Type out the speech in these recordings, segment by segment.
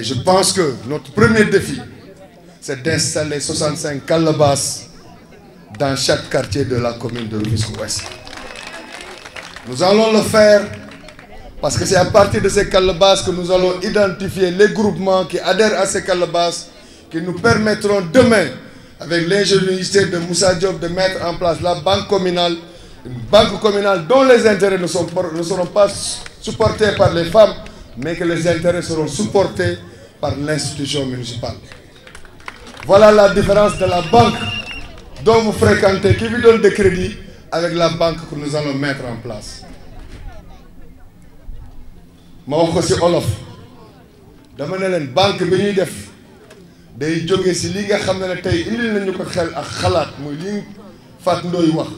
Et je pense que notre premier défi, c'est d'installer 65 calabasses dans chaque quartier de la commune de Rufisque-Ouest. Nous allons le faire parce que c'est à partir de ces calabasses que nous allons identifier les groupements qui adhèrent à ces calabasses qui nous permettront demain, avec l'ingéniosité de Moussa Diop, de mettre en place la banque communale, une banque communale dont les intérêts ne seront pas supportés par les femmes, mais que les intérêts seront supportés par l'institution municipale. Voilà la différence de la banque dont vous fréquentez, qui vous donne des crédits, avec la banque que nous allons mettre en place. ma wax ko si olof dama ne banque bi def day jóge si li nga xam ne qui tey indil nañu ko xel ak li wax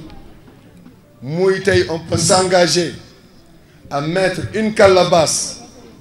moy tay on peut s'engager à mettre une calabasse.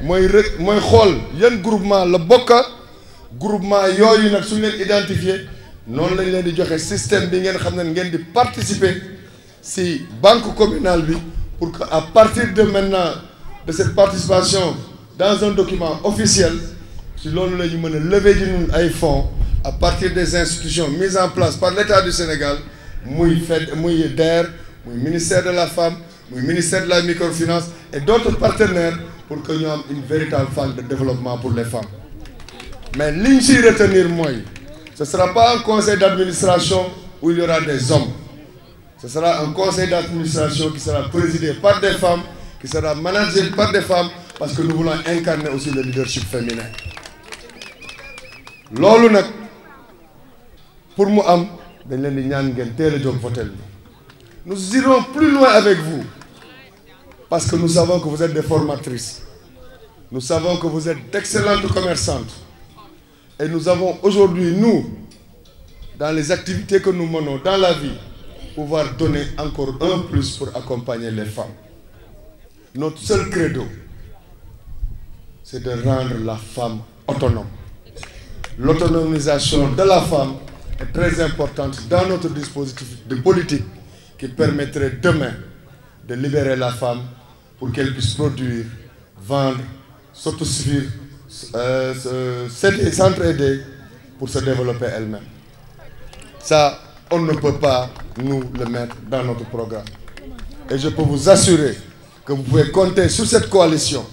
moy rek groupement la bokka groupement nak identifié non lañ di système bi ngeen participer banque communale pour que à partir de maintenant de cette participation dans un document officiel si lolu lever fonds à partir des institutions mises en place par l'État du Sénégal muy fait muy DER muy ministère de la femme le ministère de la microfinance et d'autres partenaires pour que nous ayons une véritable phase de développement pour les femmes mais ce retenir ne ce sera pas un conseil d'administration où il y aura des hommes ce sera un conseil d'administration qui sera présidé par des femmes qui sera managé par des femmes parce que nous voulons incarner aussi le leadership féminin pour moi, nous irons plus loin avec vous parce que nous savons que vous êtes des formatrices. Nous savons que vous êtes d'excellentes commerçantes. Et nous avons aujourd'hui, nous, dans les activités que nous menons dans la vie, pouvoir donner encore un plus pour accompagner les femmes. Notre seul credo, c'est de rendre la femme autonome. L'autonomisation de la femme est très importante dans notre dispositif de politique qui permettrait demain de libérer la femme pour qu'elle puisse produire, vendre, s'autosuivre, euh, s'entraider pour se développer elle-même. Ça, on ne peut pas nous le mettre dans notre programme. Et je peux vous assurer que vous pouvez compter sur cette coalition.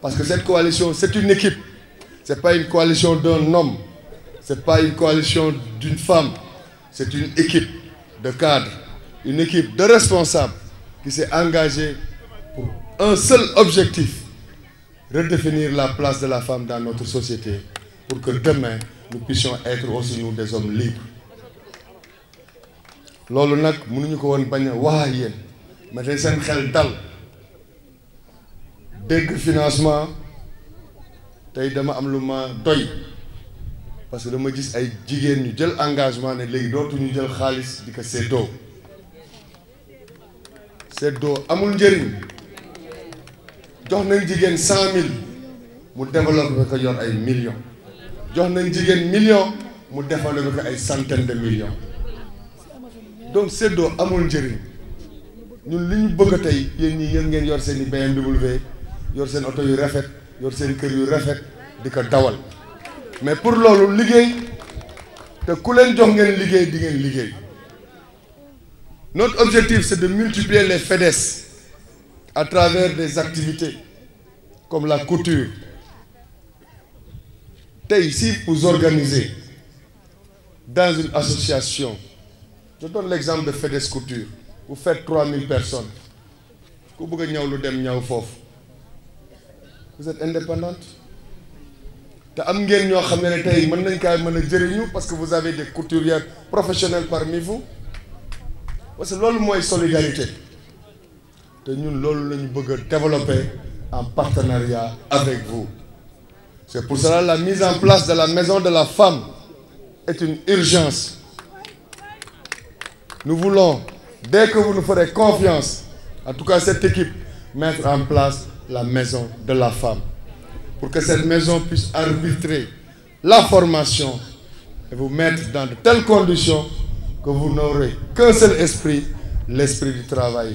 Parce que cette coalition, c'est une équipe. Ce n'est pas une coalition d'un homme. Ce n'est pas une coalition d'une femme. C'est une équipe de cadres, une équipe de responsables qui s'est engagé pour un seul objectif, redéfinir la place de la femme dans notre société pour que demain, nous puissions être aussi nous des hommes libres. loolu nak mënuñu ko won bañ wax ak yéen mais dañ seen xel dal dégg financement tay dama am lu ma doy parce que dama gis ay jigéen ñu jël engagement ne léegi dootuñu jël xaalis di ko séddoo seddoo amul njëriñ jox nañ jigéen cent mille mu développé ko yor ay millions jox nañ jigéen million mu développé ko ay centaine de millions donc seddoo amul njëriñ ñun li ñu bëgg tey yéen ñi yéen ngeen yor seen i BMW yor seen oto yu rafet yor seen kër yu rafet di ko dawal mais pour loolu liggéey te ku leen jox ngeen liggéey di ngeen liggéey Notre objectif, c'est de multiplier les FEDES à travers des activités comme la couture. T'es ici pour organiser dans une association. Je donne l'exemple de FEDES Couture. Vous faites 3000 personnes. Vous êtes indépendante parce que vous avez des couturières professionnelles parmi vous parce que loolu solidarité te ñun loolu développer en partenariat avec vous c'est pour cela la mise en place de la maison de la femme est une urgence nous voulons dès que vous nous ferez confiance en tout cas cette équipe mettre en place la maison de la femme pour que cette maison puisse arbitrer la formation et vous mettre dans de telles conditions que vous n'aurez qu'un seul esprit, l'esprit du travail.